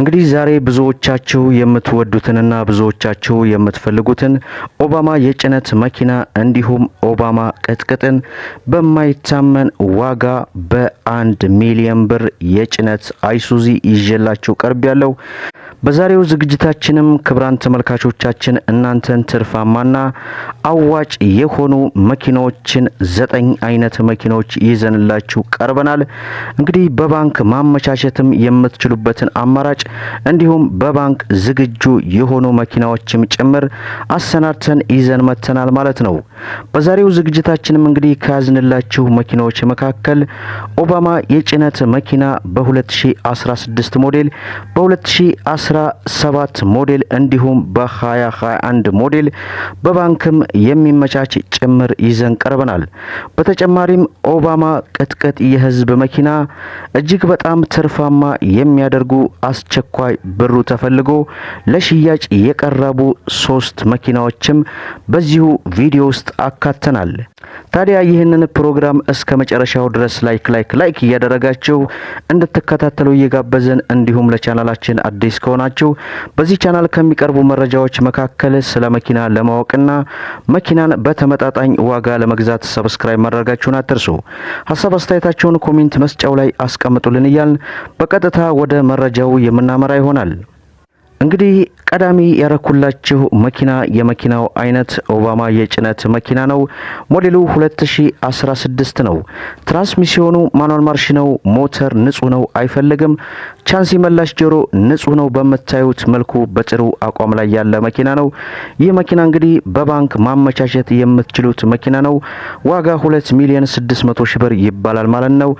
እንግዲህ ዛሬ ብዙዎቻችሁ የምትወዱትንና ብዙዎቻችሁ የምትፈልጉትን ኦባማ የጭነት መኪና እንዲሁም ኦባማ ቅጥቅጥን በማይታመን ዋጋ በአንድ ሚሊዮን ብር የጭነት አይሱዚ ይዤላችሁ ቀርብ ያለው በዛሬው ዝግጅታችንም ክብራን ተመልካቾቻችን እናንተን ትርፋማና አዋጭ የሆኑ መኪናዎችን ዘጠኝ አይነት መኪናዎች ይዘንላችሁ ቀርበናል። እንግዲህ በባንክ ማመቻቸትም የምትችሉበትን አማራጭ እንዲሁም በባንክ ዝግጁ የሆኑ መኪናዎችም ጭምር አሰናድተን ይዘን መተናል ማለት ነው። በዛሬው ዝግጅታችንም እንግዲህ ከያዝንላችሁ መኪናዎች መካከል ኦባማ የጭነት መኪና በ2016 ሞዴል በ 2 በ ሰባት ሞዴል እንዲሁም በ2021 ሞዴል በባንክም የሚመቻች ጭምር ይዘን ቀርበናል። በተጨማሪም ኦባማ ቅጥቅጥ የህዝብ መኪና እጅግ በጣም ትርፋማ የሚያደርጉ አስቸኳይ ብሩ ተፈልጎ ለሽያጭ የቀረቡ ሶስት መኪናዎችም በዚሁ ቪዲዮ ውስጥ አካተናል። ታዲያ ይህንን ፕሮግራም እስከ መጨረሻው ድረስ ላይክ ላይክ ላይክ እያደረጋችሁ እንድትከታተሉ እየጋበዘን እንዲሁም ለቻናላችን አዲስ ከሆነ ናቸው። በዚህ ቻናል ከሚቀርቡ መረጃዎች መካከል ስለ መኪና ለማወቅና መኪናን በተመጣጣኝ ዋጋ ለመግዛት ሰብስክራይብ ማድረጋችሁን አትርሱ። ሀሳብ አስተያየታችሁን ኮሜንት መስጫው ላይ አስቀምጡልን እያልን በቀጥታ ወደ መረጃው የምናመራ ይሆናል። እንግዲህ ቀዳሚ ያረኩላችሁ መኪና የመኪናው አይነት ኦባማ የጭነት መኪና ነው። ሞዴሉ 2016 ነው። ትራንስሚሽኑ ማኑዋል ማርሽ ነው። ሞተር ንጹህ ነው፣ አይፈልግም። ቻንሲ መላሽ ጆሮ ንጹህ ነው። በምታዩት መልኩ በጥሩ አቋም ላይ ያለ መኪና ነው። ይህ መኪና እንግዲህ በባንክ ማመቻቸት የምትችሉት መኪና ነው። ዋጋ 2 ሚሊዮን 600 ሺህ ብር ይባላል ማለት ነው።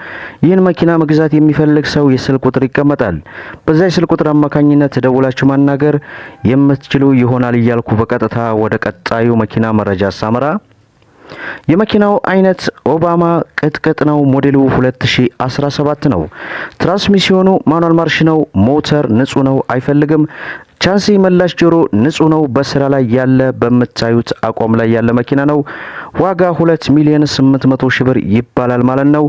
ይህን መኪና መግዛት የሚፈልግ ሰው የስልክ ቁጥር ይቀመጣል። በዛ የስልክ ቁጥር አማካኝነት ደውላችሁ ማናገር የምትችሉ ይሆናል እያልኩ በቀጥታ ወደ ቀጣዩ መኪና መረጃ ሳመራ የመኪናው አይነት ኦባማ ቅጥቅጥ ነው። ሞዴሉ 2017 ነው። ትራንስሚሽኑ ማኑዋል ማርሽ ነው። ሞተር ንጹህ ነው፣ አይፈልግም። ቻንሲ መላሽ ጆሮ ንጹህ ነው። በስራ ላይ ያለ በምታዩት አቋም ላይ ያለ መኪና ነው። ዋጋ 2 ሚሊዮን 800 ሺህ ብር ይባላል ማለት ነው።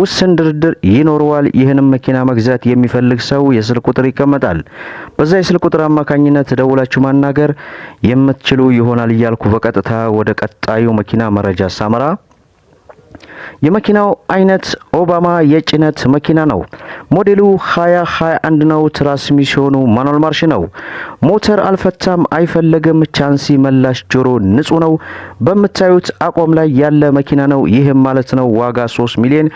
ውስን ድርድር ይኖረዋል። ይህንም መኪና መግዛት የሚፈልግ ሰው የስልክ ቁጥር ይቀመጣል። በዛ የስልክ ቁጥር አማካኝነት ደውላችሁ ማናገር የምትችሉ ይሆናል እያልኩ በቀጥታ ወደ ቀጣዩ መኪና መረጃ ሳመራ የመኪናው አይነት ኦባማ የጭነት መኪና ነው። ሞዴሉ 2021 ነው። ትራንስሚሽኑ ማኑዋል ማርሽ ነው። ሞተር አልፈታም፣ አይፈለግም። ቻንሲ መላሽ ጆሮ ንጹህ ነው። በምታዩት አቋም ላይ ያለ መኪና ነው። ይህም ማለት ነው ዋጋ 3 ሚሊዮን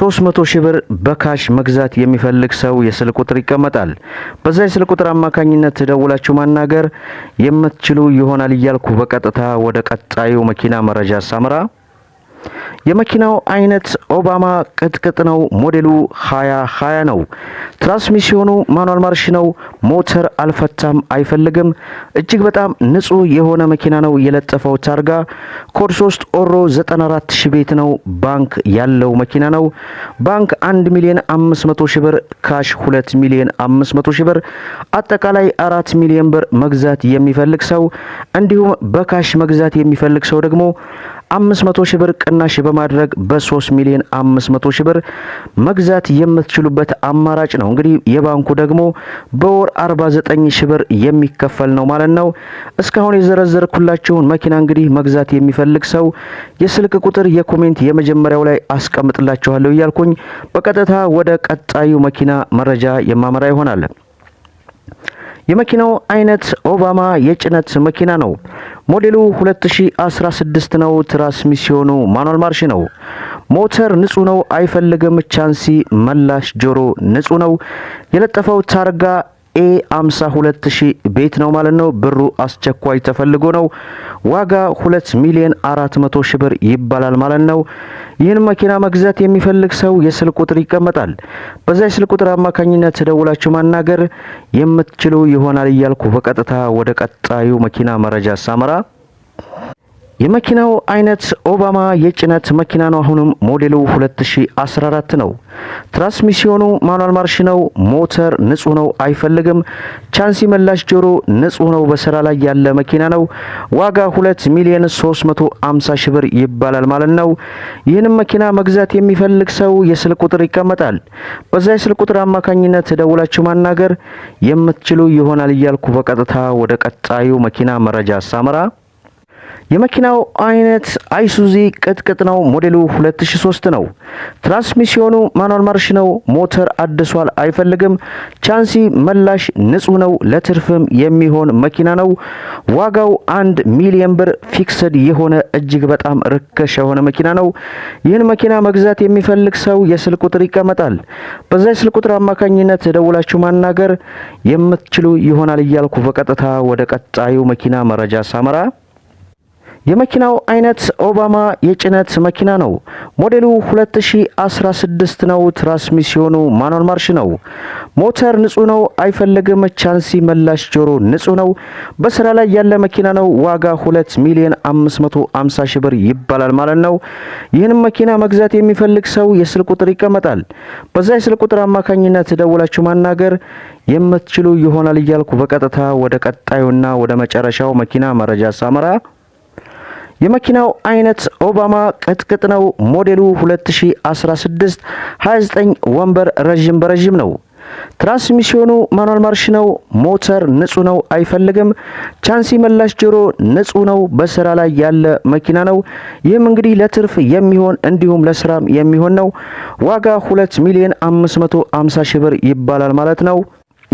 300 ሺህ ብር በካሽ መግዛት የሚፈልግ ሰው የስልክ ቁጥር ይቀመጣል። በዛ የስልክ ቁጥር አማካኝነት ደውላችሁ ማናገር የምትችሉ ይሆናል እያልኩ በቀጥታ ወደ ቀጣዩ መኪና መረጃ ሳምራ የመኪናው አይነት ኦባማ ቅጥቅጥ ነው። ሞዴሉ 2020 ነው። ትራንስሚሽኑ ማኑዋል ማርሽ ነው። ሞተር አልፈታም አይፈልግም። እጅግ በጣም ንጹህ የሆነ መኪና ነው። የለጠፈው ታርጋ ኮድ 3 ኦሮ 94 ሺ ቤት ነው። ባንክ ያለው መኪና ነው። ባንክ 1 ሚሊዮን 500 ሺ ብር፣ ካሽ 2 ሚሊዮን 500 ሺ ብር፣ አጠቃላይ 4 ሚሊዮን ብር መግዛት የሚፈልግ ሰው እንዲሁም በካሽ መግዛት የሚፈልግ ሰው ደግሞ መቶ ሺህ ብር ቅናሽ በማድረግ በ3 ሚሊዮን 500 ሺህ ብር መግዛት የምትችሉበት አማራጭ ነው። እንግዲህ የባንኩ ደግሞ በወር 49 ሺህ ብር የሚከፈል ነው ማለት ነው። እስካሁን የዘረዘርኩላችሁን መኪና እንግዲህ መግዛት የሚፈልግ ሰው የስልክ ቁጥር የኮሜንት የመጀመሪያው ላይ አስቀምጥላችኋለሁ እያልኩኝ በቀጥታ ወደ ቀጣዩ መኪና መረጃ የማመራ ይሆናል። የመኪናው አይነት ኦባማ የጭነት መኪና ነው። ሞዴሉ 2016 ነው። ትራንስሚሽኑ ማኑዋል ማርሽ ነው። ሞተር ንጹህ ነው፣ አይፈልግም። ቻንሲ መላሽ ጆሮ ንጹህ ነው። የለጠፈው ታርጋ ኤ 52 ሺህ ቤት ነው ማለት ነው። ብሩ አስቸኳይ ተፈልጎ ነው። ዋጋ 2 ሚሊዮን 400 ሺህ ብር ይባላል ማለት ነው። ይህን መኪና መግዛት የሚፈልግ ሰው የስልክ ቁጥር ይቀመጣል። በዛ የስልክ ቁጥር አማካኝነት ደውላችሁ ማናገር የምትችሉ ይሆናል እያልኩ በቀጥታ ወደ ቀጣዩ መኪና መረጃ ሳመራ የመኪናው አይነት ኦባማ የጭነት መኪና ነው። አሁንም ሞዴሉ 2014 ነው። ትራንስሚሲዮኑ ማኑዋል ማርሽ ነው። ሞተር ንጹህ ነው፣ አይፈልግም። ቻንሲ መላሽ ጆሮ ንጹህ ነው። በስራ ላይ ያለ መኪና ነው። ዋጋ 2 ሚሊዮን 350 ሺህ ብር ይባላል ማለት ነው። ይህንም መኪና መግዛት የሚፈልግ ሰው የስልክ ቁጥር ይቀመጣል። በዛ የስልክ ቁጥር አማካኝነት ደውላችሁ ማናገር የምትችሉ ይሆናል እያልኩ በቀጥታ ወደ ቀጣዩ መኪና መረጃ ሳመራ የመኪናው አይነት አይሱዚ ቅጥቅጥ ነው። ሞዴሉ 2003 ነው። ትራንስሚሽኑ ማኗል ማርሽ ነው። ሞተር አድሷል አይፈልግም። ቻንሲ መላሽ ንጹህ ነው። ለትርፍም የሚሆን መኪና ነው። ዋጋው አንድ ሚሊዮን ብር ፊክስድ የሆነ እጅግ በጣም ርከሽ የሆነ መኪና ነው። ይህን መኪና መግዛት የሚፈልግ ሰው የስልክ ቁጥር ይቀመጣል። በዛ የስልክ ቁጥር አማካኝነት ደውላችሁ ማናገር የምትችሉ ይሆናል እያልኩ በቀጥታ ወደ ቀጣዩ መኪና መረጃ ሳመራ የመኪናው አይነት ኦባማ የጭነት መኪና ነው። ሞዴሉ 2016 ነው። ትራንስሚሽኑ ማኑዋል ማርሽ ነው። ሞተር ንጹህ ነው፣ አይፈልግም ቻንሲ መላሽ ጆሮ ንጹህ ነው። በስራ ላይ ያለ መኪና ነው። ዋጋ 2 ሚሊዮን 550 ሺህ ብር ይባላል ማለት ነው። ይህን መኪና መግዛት የሚፈልግ ሰው የስልክ ቁጥር ይቀመጣል። በዛ የስልክ ቁጥር አማካኝነት ደውላችሁ ማናገር የምትችሉ ይሆናል እያልኩ በቀጥታ ወደ ቀጣዩና ወደ መጨረሻው መኪና መረጃ ሳመራ የመኪናው አይነት ኦባማ ቅጥቅጥ ነው። ሞዴሉ 2016 29 ወንበር ረዥም በረዥም ነው። ትራንስሚሽኑ ማኑዋል ማርሽ ነው። ሞተር ንጹህ ነው፣ አይፈልግም። ቻንሲ መላሽ ጆሮ ንጹህ ነው። በስራ ላይ ያለ መኪና ነው። ይህም እንግዲህ ለትርፍ የሚሆን እንዲሁም ለስራም የሚሆን ነው። ዋጋ 2 ሚሊዮን 550 ሺህ ብር ይባላል ማለት ነው።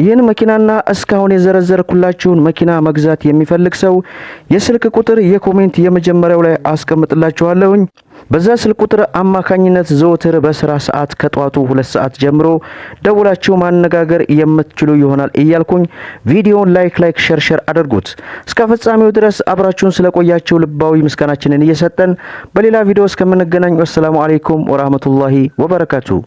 ይህን መኪናና እስካሁን የዘረዘርኩላችሁን መኪና መግዛት የሚፈልግ ሰው የስልክ ቁጥር የኮሜንት የመጀመሪያው ላይ አስቀምጥላችኋለሁኝ። በዛ ስልክ ቁጥር አማካኝነት ዘወትር በስራ ሰዓት ከጠዋቱ ሁለት ሰዓት ጀምሮ ደውላችሁ ማነጋገር የምትችሉ ይሆናል እያልኩኝ ቪዲዮውን ላይክ ላይክ ሸርሸር አድርጉት። እስከ ፍጻሜው ድረስ አብራችሁን ስለቆያችሁ ልባዊ ምስጋናችንን እየሰጠን በሌላ ቪዲዮ እስከምንገናኝ ወሰላሙ አሌይኩም ወራህመቱላሂ ወበረካቱሁ።